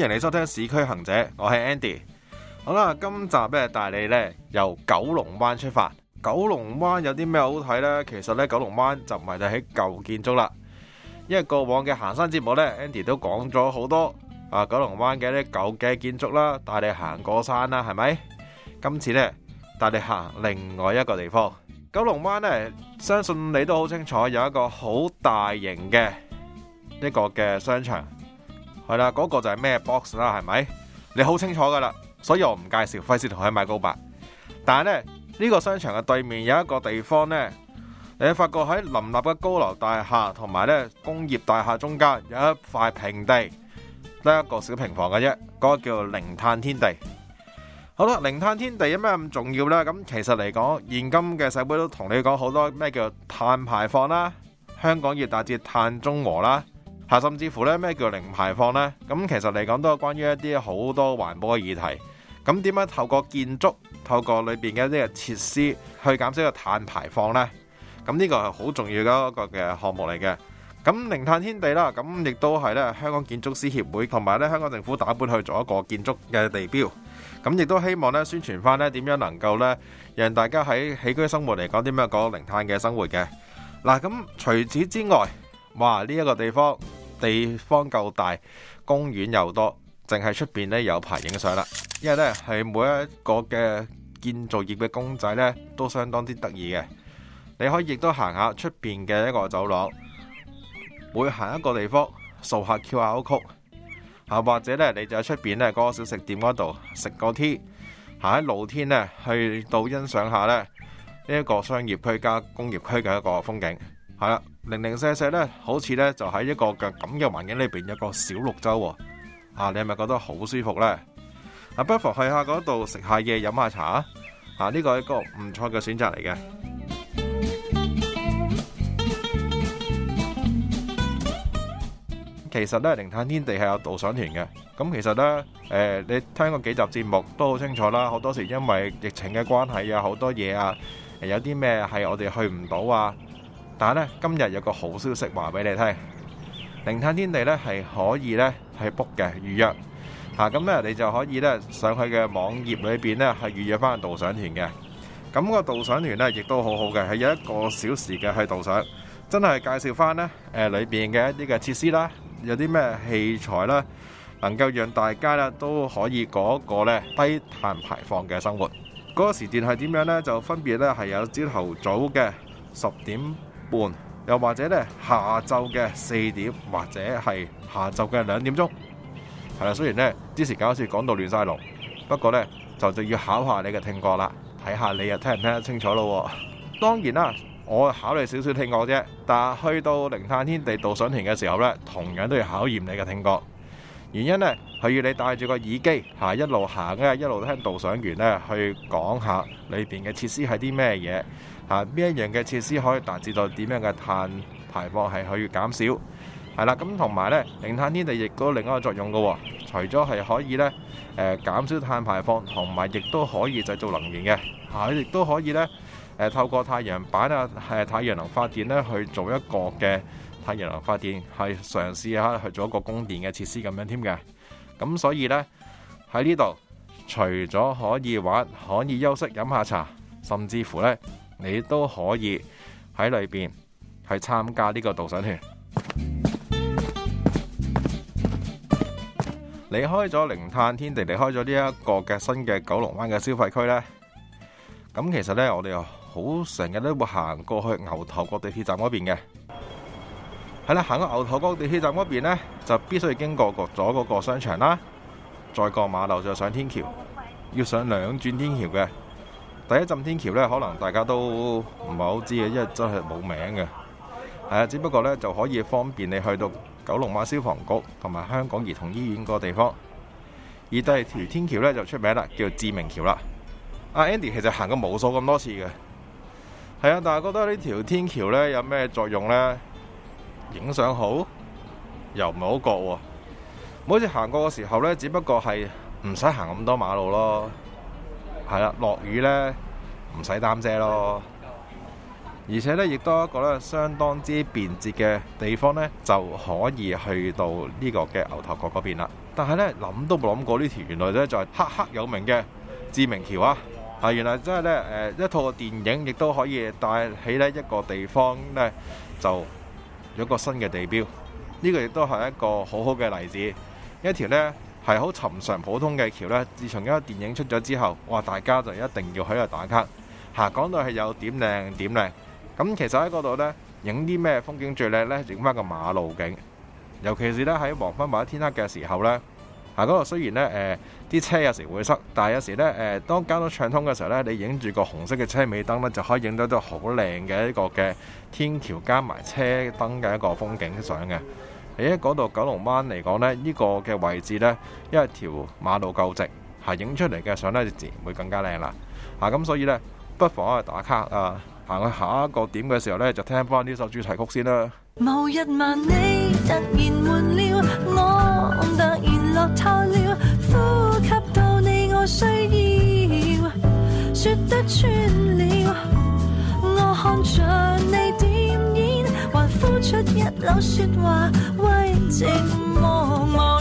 歡迎你收聽《市區行者》，我係 Andy。好啦，今集咧帶你咧由九龍灣出發。九龍灣有啲咩好睇呢？其實咧九龍灣就唔係淨係舊建築啦。因為過往嘅行山節目咧，Andy 都講咗好多啊九龍灣嘅一啲舊嘅建築啦，帶你行過山啦，係咪？今次咧帶你行另外一個地方。九龍灣咧，相信你都好清楚，有一個好大型嘅一個嘅商場。係啦，嗰、那個就係咩 box 啦，係咪？你好清楚噶啦，所以我唔介紹，費事同佢買告白。但係呢，呢、這個商場嘅對面有一個地方呢，你發覺喺林立嘅高樓大廈同埋呢工業大廈中間有一塊平地，得一個小平房嘅啫。嗰、那個叫零碳天地。好啦，零碳天地有咩咁重要咧？咁其實嚟講，現今嘅社會都同你講好多咩叫碳排放啦，香港要達致碳中和啦。甚至乎咧咩叫零排放呢？咁其實嚟講都係關於一啲好多環保嘅議題。咁點樣透過建築、透過裏邊嘅一啲嘅設施去減少個碳排放呢？咁呢個係好重要嘅一個嘅項目嚟嘅。咁零碳天地啦，咁亦都係咧香港建築師協會同埋咧香港政府打本去做一個建築嘅地標。咁亦都希望咧宣傳翻咧點樣能夠咧讓大家喺起居生活嚟講點樣過零碳嘅生活嘅。嗱，咁除此之外，哇呢一個地方～地方夠大，公園又多，淨係出邊咧有排影相啦。因為咧係每一個嘅建造業嘅公仔咧都相當之得意嘅。你可以亦都行下出邊嘅一個走廊，每行一個地方掃下 Q 下曲嚇、啊，或者咧你就喺出邊咧嗰個小食店嗰度食個 tea 行喺露天咧去到欣賞下咧呢一、這個商業區加工業區嘅一個風景，係、嗯、啦。零零舍舍咧，好似咧就喺一個咁嘅環境裏邊有一個小綠洲喎，啊，你係咪覺得好舒服呢？啊，不妨去下嗰度食下嘢，飲下茶啊，呢個係一個唔錯嘅選擇嚟嘅。其實咧，靈探天地係有導賞團嘅。咁其實呢，誒、呃，你聽過幾集節目都好清楚啦。好多時因為疫情嘅關係啊，好多嘢啊，有啲咩係我哋去唔到啊。但咧，今日有個好消息話俾你聽，零碳天地咧係可以咧係 book 嘅預約，嚇咁咧你就可以咧上去嘅網頁裏邊咧係預約翻導賞團嘅。咁個導賞團咧亦都好好嘅，係有一個小時嘅去導賞，真係介紹翻咧誒裏邊嘅一啲嘅設施啦，有啲咩器材啦，能夠讓大家咧都可以過一個咧低碳排放嘅生活。嗰個時段係點樣咧？就分別咧係有朝頭早嘅十點半又或者呢，下晝嘅四點或者係下晝嘅兩點鐘，係啦。雖然呢，之前搞笑講到亂晒龍，不過呢，就就要考一下你嘅聽覺啦，睇下你又聽唔聽得清楚咯。當然啦，我考慮少少聽覺啫，但係去到靈探天地導賞團嘅時候呢，同樣都要考驗你嘅聽覺。原因呢，係要你戴住個耳機，吓一路行嘅一路聽導賞員呢去講下裏邊嘅設施係啲咩嘢。啊！邊一樣嘅設施可以達至到點樣嘅碳排放係可以減少？係啦，咁同埋呢，零碳天地亦都有另一個作用嘅、哦。除咗係可以呢誒、呃、減少碳排放，同埋亦都可以製造能源嘅。嚇、啊，亦都可以呢、呃、透過太陽板啊，誒、呃、太陽能發電呢去做一個嘅太陽能發電，係嘗試下去做一個供電嘅設施咁樣添嘅。咁、嗯、所以呢，喺呢度，除咗可以玩，可以休息飲下茶，甚至乎呢。你都可以喺裏邊去參加呢個導賞團。離開咗零碳天地，離開咗呢一個嘅新嘅九龍灣嘅消費區呢，咁其實呢，我哋又好成日都會行過去牛頭角地鐵站嗰邊嘅。係啦，行到牛頭角地鐵站嗰邊呢，就必須經過過咗嗰個商場啦，再過馬路再上，上天橋，要上兩轉天橋嘅。第一浸天橋呢，可能大家都唔係好知嘅，因為真係冇名嘅。係啊，只不過呢就可以方便你去到九龍灣消防局同埋香港兒童醫院個地方。而第二條天橋呢，就出名啦，叫做致命橋啦。Andy 其實行過無數咁多次嘅，係啊，但係覺得呢條天橋呢有咩作用呢？影相好又唔係好覺喎，每次行過嘅時候呢，只不過係唔使行咁多馬路咯。係啦，落雨呢，唔使擔遮咯，而且呢，亦都一個呢相當之便捷嘅地方呢，就可以去到呢個嘅牛頭角嗰邊啦。但係呢，諗都冇諗過呢條，原來呢就係赫赫有名嘅志明橋啊！啊，原來真係呢誒一套電影亦都可以帶起呢一個地方呢，就有一個新嘅地標。呢個亦都係一個好好嘅例子，一條呢。係好尋常普通嘅橋咧，自從一個電影出咗之後，哇！大家就一定要喺度打卡嚇。講到係有點靚點靚，咁其實喺嗰度呢，影啲咩風景最靚呢？影翻個馬路景，尤其是呢，喺黃昏或者天黑嘅時候呢。嚇嗰度雖然呢誒啲、呃、車有時會塞，但係有時呢，誒、呃、當交通暢通嘅時候呢，你影住個紅色嘅車尾燈呢，就可以影到一個好靚嘅一個嘅天橋加埋車燈嘅一個風景相嘅。而喺嗰度九龍灣嚟講咧，呢個嘅位置咧，因為條馬路夠直，係影出嚟嘅相咧，自然會更加靚啦。啊，咁所以咧，不妨去打卡啊，行去下一個點嘅時候咧，就聽翻呢首主題曲先啦。出一縷說話，慰寂寞。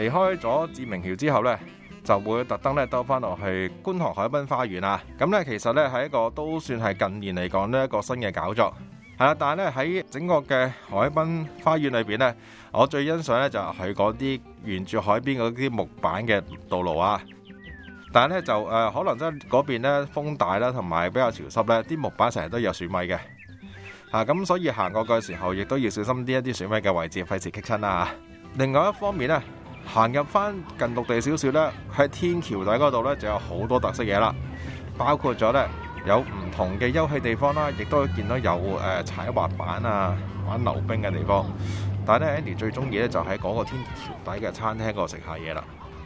離開咗志明橋之後呢，就會特登咧兜返落去觀塘海濱花園啊。咁呢，其實呢，係一個都算係近年嚟講呢一個新嘅搞作係啦。但係呢，喺整個嘅海濱花園裏邊呢，我最欣賞呢就係嗰啲沿住海邊嗰啲木板嘅道路啊。但係呢，就誒，可能真係嗰邊咧風大啦，同埋比較潮濕呢啲木板成日都有樹米嘅嚇咁，所以行過嘅時候亦都要小心啲一啲樹米嘅位置，費事棘親啦。另外一方面呢。行入翻近陸地少少呢，喺天橋底嗰度呢就有好多特色嘢啦，包括咗呢有唔同嘅休憩地方啦，亦都見到有誒踩滑板啊、玩溜冰嘅地方。但係呢，Andy 最中意呢就喺嗰個天橋底嘅餐廳嗰度食下嘢啦。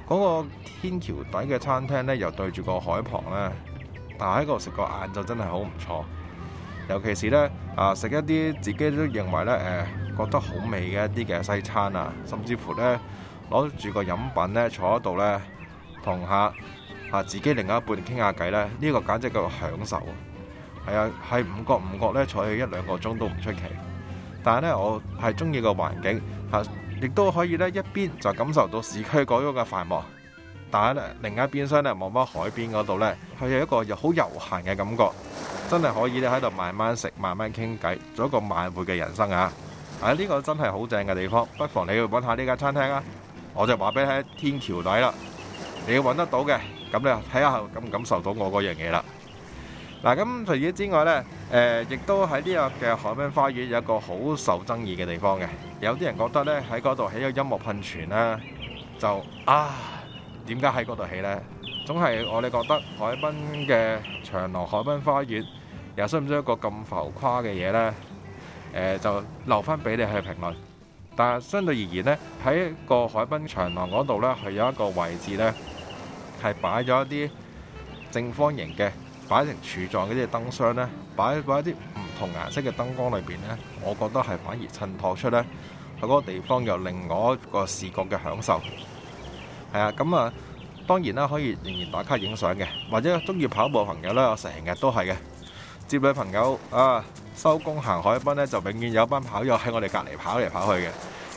嗰個天橋底嘅餐廳呢，又對住個海旁呢，但係喺嗰度食個晏晝真係好唔錯。尤其是呢，啊，食一啲自己都認為呢誒覺得好味嘅一啲嘅西餐啊，甚至乎呢。攞住個飲品咧，坐喺度咧，同下自己另一半傾下偈咧，呢個簡直叫享受。係啊，係唔覺唔覺咧，坐起一兩個鐘都唔出奇。但係咧，我係中意個環境吓，亦都可以咧一邊就感受到市區嗰種嘅繁忙，但係咧另一邊廂咧望翻海邊嗰度咧，係有一個又好悠閒嘅感覺，真係可以咧喺度慢慢食、慢慢傾偈，做一個慢活嘅人生啊！啊，呢個真係好正嘅地方，不妨你去揾下呢間餐廳啊！我就話俾喺天橋底啦，你要搵得到嘅，咁你睇下感唔感受到我嗰樣嘢啦。嗱，咁除此之外呢，呃、亦都喺呢個嘅海濱花園有一個好受爭議嘅地方嘅，有啲人覺得呢，喺嗰度起一個音樂噴泉呢，就啊點解喺嗰度起呢？總係我哋覺得海濱嘅長廊、海濱花園又需唔需要一個咁浮誇嘅嘢呢？呃、就留翻俾你去評論。但係相對而言呢，喺個海濱長廊嗰度呢，係有一個位置呢，係擺咗一啲正方形嘅擺成柱狀嗰啲燈箱呢，擺擺一啲唔同顏色嘅燈光裏邊呢，我覺得係反而襯托出呢，喺嗰個地方有另外一個視覺嘅享受。係啊，咁啊，當然啦，可以仍然打卡影相嘅，或者中意跑步嘅朋友呢，我成日都係嘅，接女朋友啊。收工行海濱呢，就永遠有一班跑友喺我哋隔離跑嚟跑去嘅。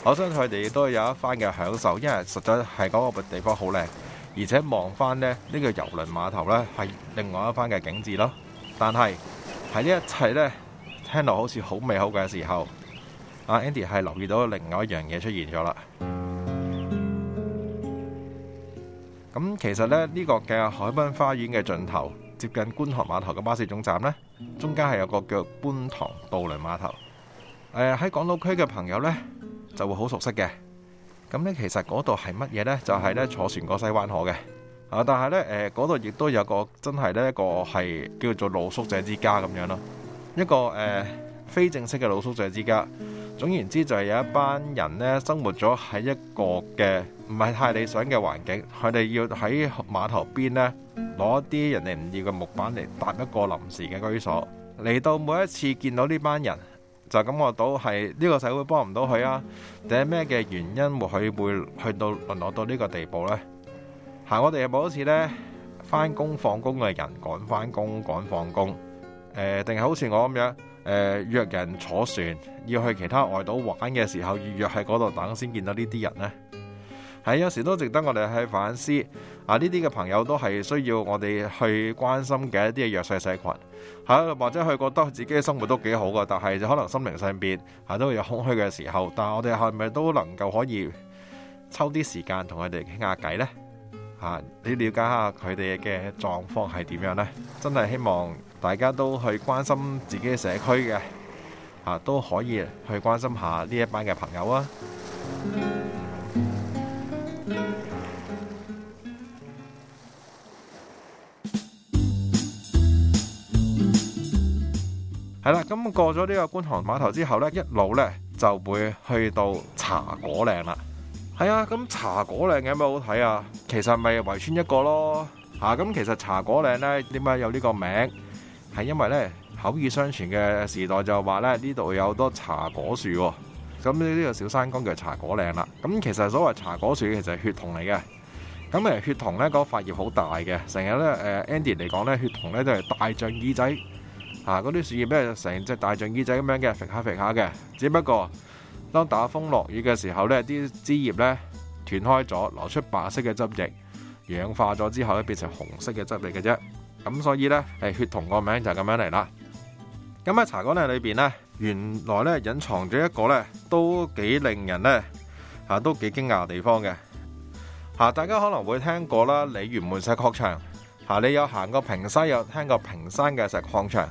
我相信佢哋都有一番嘅享受，因為實在係嗰個地方好靚，而且望返呢呢個郵輪碼頭呢，係另外一番嘅景緻咯。但係喺呢一切呢，聽落好似好美好嘅時候，阿 Andy 係留意到另外一樣嘢出現咗啦。咁其實呢，呢呢個嘅海濱花園嘅盡頭，接近觀塘碼頭嘅巴士總站呢。中間係有個叫觀塘渡輪碼頭，誒喺港島區嘅朋友呢就會好熟悉嘅。咁呢其實嗰度係乜嘢呢？就係呢坐船過西灣河嘅。啊，但係呢，誒嗰度亦都有個真係呢一個係叫做露宿者之家咁樣咯，一個誒非正式嘅露宿者之家。總言之，就係有一班人咧，生活咗喺一個嘅唔係太理想嘅環境。佢哋要喺碼頭邊咧攞啲人哋唔要嘅木板嚟搭一個臨時嘅居所。嚟到每一次見到呢班人，就感覺到係呢個社會幫唔到佢啊，定係咩嘅原因，或佢會去到淪落到呢個地步呢？吓我哋有冇好似呢返工放工嘅人趕返工趕放工，定係好似我咁樣？誒、呃，約人坐船要去其他外島玩嘅時候，預約喺嗰度等，先見到呢啲人呢，係有時都值得我哋去反思。啊，呢啲嘅朋友都係需要我哋去關心嘅一啲弱勢社群。吓，或者佢覺得自己嘅生活都幾好㗎，但係就可能心靈上邊吓、啊、都會有空虛嘅時候。但係我哋係咪都能夠可以抽啲時間同佢哋傾下偈呢？吓、啊，你了解下佢哋嘅狀況係點樣呢？真係希望。大家都去關心自己嘅社區嘅、嚇、啊，都可以去關心下呢一班嘅朋友、嗯嗯嗯、啊。係啦，咁過咗呢個觀塘碼頭之後呢，一路呢就會去到茶果嶺啦。係、哎、啊，咁茶果嶺有咩好睇啊？其實咪圍村一個咯嚇。咁、啊、其實茶果嶺呢，點解有呢個名？係因為咧口耳相傳嘅時代就話咧呢度有好多茶果樹喎、哦，咁呢呢個小山崗叫茶果嶺啦。咁、嗯、其實所謂茶果樹其實係血桐嚟嘅。咁、嗯、誒血桐咧，嗰個發葉好大嘅，成日咧 Andy 嚟講咧血桐咧都係大象耳仔，嗰啲樹葉咧成隻大象耳仔咁樣嘅，揈下揈下嘅。只不過當打風落雨嘅時候咧，啲枝葉咧斷開咗，流出白色嘅汁液，氧化咗之後咧變成紅色嘅汁液嘅啫。咁所以呢，係血同個名就咁樣嚟啦。咁喺茶果嶺裏邊呢，原來呢隱藏咗一個呢都幾令人呢吓都幾驚訝嘅地方嘅吓。大家可能會聽過啦，鯉魚門石礦場吓，你有行過平西，有聽過平山嘅石礦場。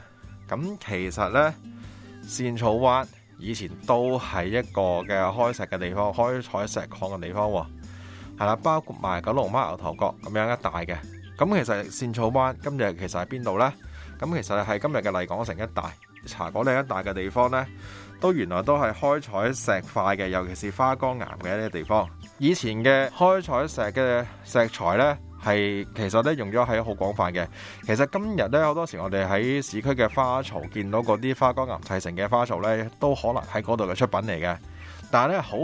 咁其實呢，茜草灣以前都係一個嘅開石嘅地方，開採石礦嘅地方。係啦，包括埋九龍灣牛頭角咁樣一帶嘅。咁其實茜草灣今日其實係邊度呢？咁其實係今日嘅麗港城一帶茶果嶺一帶嘅地方呢，都原來都係開採石塊嘅，尤其是花崗岩嘅一啲地方。以前嘅開採石嘅石材呢，係其實呢用咗喺好廣泛嘅。其實今日呢好多時，我哋喺市區嘅花槽見到嗰啲花崗岩砌成嘅花槽呢，都可能喺嗰度嘅出品嚟嘅。但係呢，好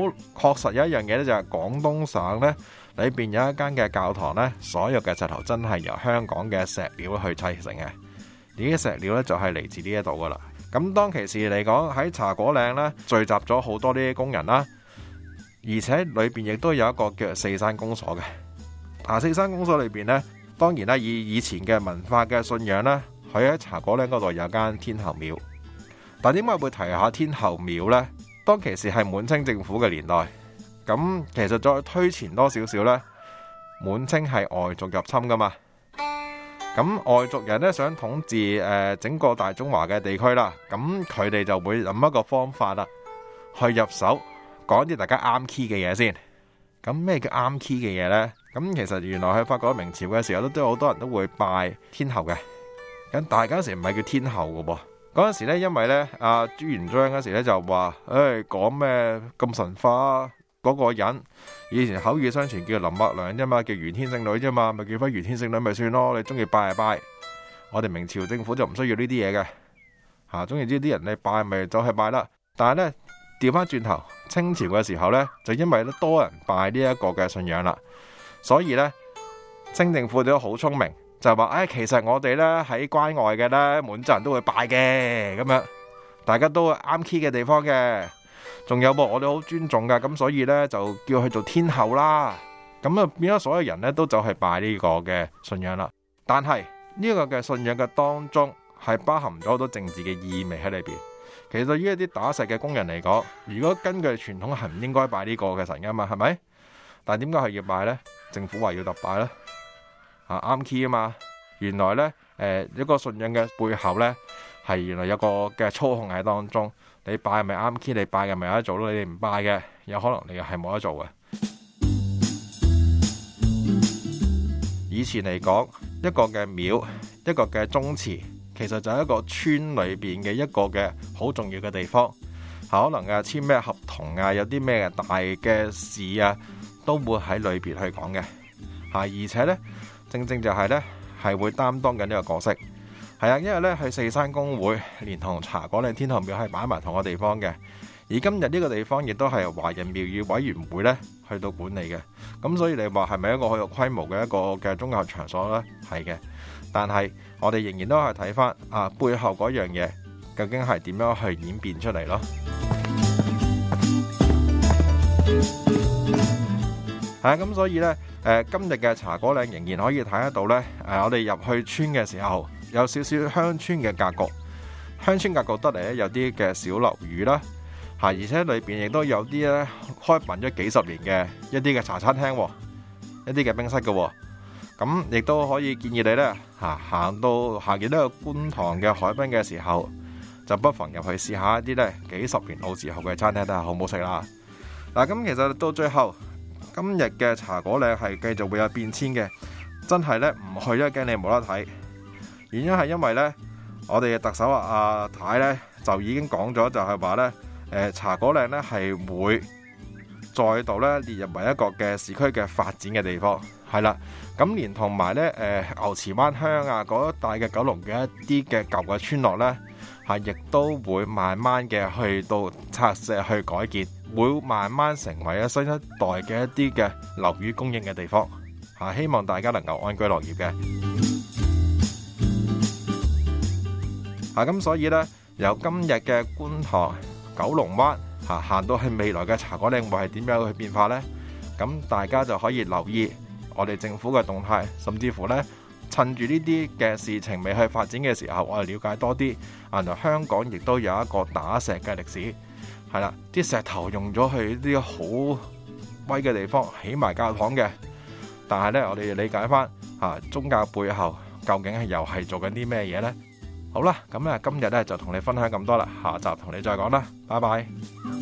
確實有一樣嘢呢，就係廣東省呢。裏邊有一間嘅教堂呢，所有嘅石頭真係由香港嘅石料去砌成嘅。呢啲石料呢，就係嚟自呢一度噶啦。咁當其時嚟講喺茶果嶺呢，聚集咗好多呢啲工人啦，而且裏邊亦都有一個叫四山公所嘅。啊，四山公所裏邊呢，當然啦以以前嘅文化嘅信仰啦，佢喺茶果嶺嗰度有間天后廟。但係點解會提下天后廟呢？當其時係滿清政府嘅年代。咁其實再推前多少少呢？滿清係外族入侵噶嘛。咁外族人呢，想統治誒、呃、整個大中華嘅地區啦，咁佢哋就會諗一個方法啦，去入手講啲大家啱 key 嘅嘢先。咁咩叫啱 key 嘅嘢呢？咁其實原來喺法國明朝嘅時候都都有好多人都會拜天后嘅。咁但係嗰時唔係叫天後噶喎。嗰陣時呢因為呢，阿、啊、朱元璋嗰時呢，就、哎、話誒講咩咁神化。嗰、那個人以前口語相傳叫林默娘啫嘛，叫元天聖女啫嘛，咪叫翻元天聖女咪算咯。你中意拜就拜，我哋明朝政府就唔需要呢啲嘢嘅吓。中意呢啲人你拜咪就去拜啦。但係呢，調翻轉頭，清朝嘅時候呢，就因為多人拜呢一個嘅信仰啦，所以呢，清政府都好聰明，就話誒、哎，其實我哋呢，喺關外嘅呢，滿洲人都會拜嘅，咁樣大家都啱 key 嘅地方嘅。仲有噃，我哋好尊重噶，咁所以呢，就叫佢做天后啦，咁啊變咗所有人呢，都走去拜呢個嘅信仰啦。但係呢個嘅信仰嘅當中係包含咗好多政治嘅意味喺裏邊。其實對於一啲打石嘅工人嚟講，如果根據傳統係唔應該拜呢個嘅神噶嘛，係咪？但係點解係要拜呢？政府話要特拜呢，啊啱 key 啊嘛。原來呢，誒、呃、一個信仰嘅背後呢，係原來有個嘅操控喺當中。你拜咪啱 key，你拜嘅，咪有得做咯。你唔拜嘅，有可能你係冇得做嘅。以前嚟講，一個嘅廟，一個嘅宗祠，其實就係一個村裏邊嘅一個嘅好重要嘅地方。可能啊，簽咩合同啊，有啲咩大嘅事啊，都會喺裏邊去講嘅。而且呢，正正就係呢，係會擔當緊呢個角色。係啊，因為咧去四山公會，連同茶果嶺天后廟係擺埋同個地方嘅。而今日呢個地方亦都係華人廟宇委員會咧去到管理嘅。咁所以你話係咪一個好有規模嘅一個嘅宗教場所咧？係嘅。但係我哋仍然都係睇翻啊背後嗰樣嘢，究竟係點樣去演變出嚟咯？係啊，咁所以咧，誒今日嘅茶果嶺仍然可以睇得到咧。誒我哋入去村嘅時候，有少少鄉村嘅格局，鄉村格局得嚟咧，有啲嘅小樓宇啦，嚇，而且裏邊亦都有啲咧開辦咗幾十年嘅一啲嘅茶餐廳，一啲嘅冰室嘅咁，亦都可以建議你咧嚇，行到下邊都有觀塘嘅海濱嘅時候，就不妨入去試下一啲咧幾十年老字號嘅餐廳，睇下好唔好食啦。嗱，咁其實到最後今日嘅茶果咧，係繼續會有變遷嘅，真係咧唔去一驚，怕你冇得睇。原因係因為咧，我哋嘅特首啊，阿太咧，就已經講咗，就係話咧，誒，茶果嶺咧係會，再度咧列入為一個嘅市區嘅發展嘅地方，係啦，咁連同埋咧，誒，牛池灣鄉啊，嗰一帶嘅九龍嘅一啲嘅舊嘅村落咧，係亦都會慢慢嘅去到拆卸去改建，會慢慢成為一新一代嘅一啲嘅樓宇供應嘅地方，係希望大家能夠安居樂業嘅。啊，咁所以呢，由今日嘅觀塘、九龍灣嚇行到去未來嘅茶果嶺，會係點樣去變化呢？咁大家就可以留意我哋政府嘅動態，甚至乎呢，趁住呢啲嘅事情未去發展嘅時候，我哋了解多啲。啊，香港亦都有一個打石嘅歷史，係啦，啲石頭用咗去啲好威嘅地方起埋教堂嘅。但係呢，我哋要理解翻嚇宗教背後究竟係又係做緊啲咩嘢呢？好啦，咁咧今日咧就同你分享咁多啦，下集同你再講啦，拜拜。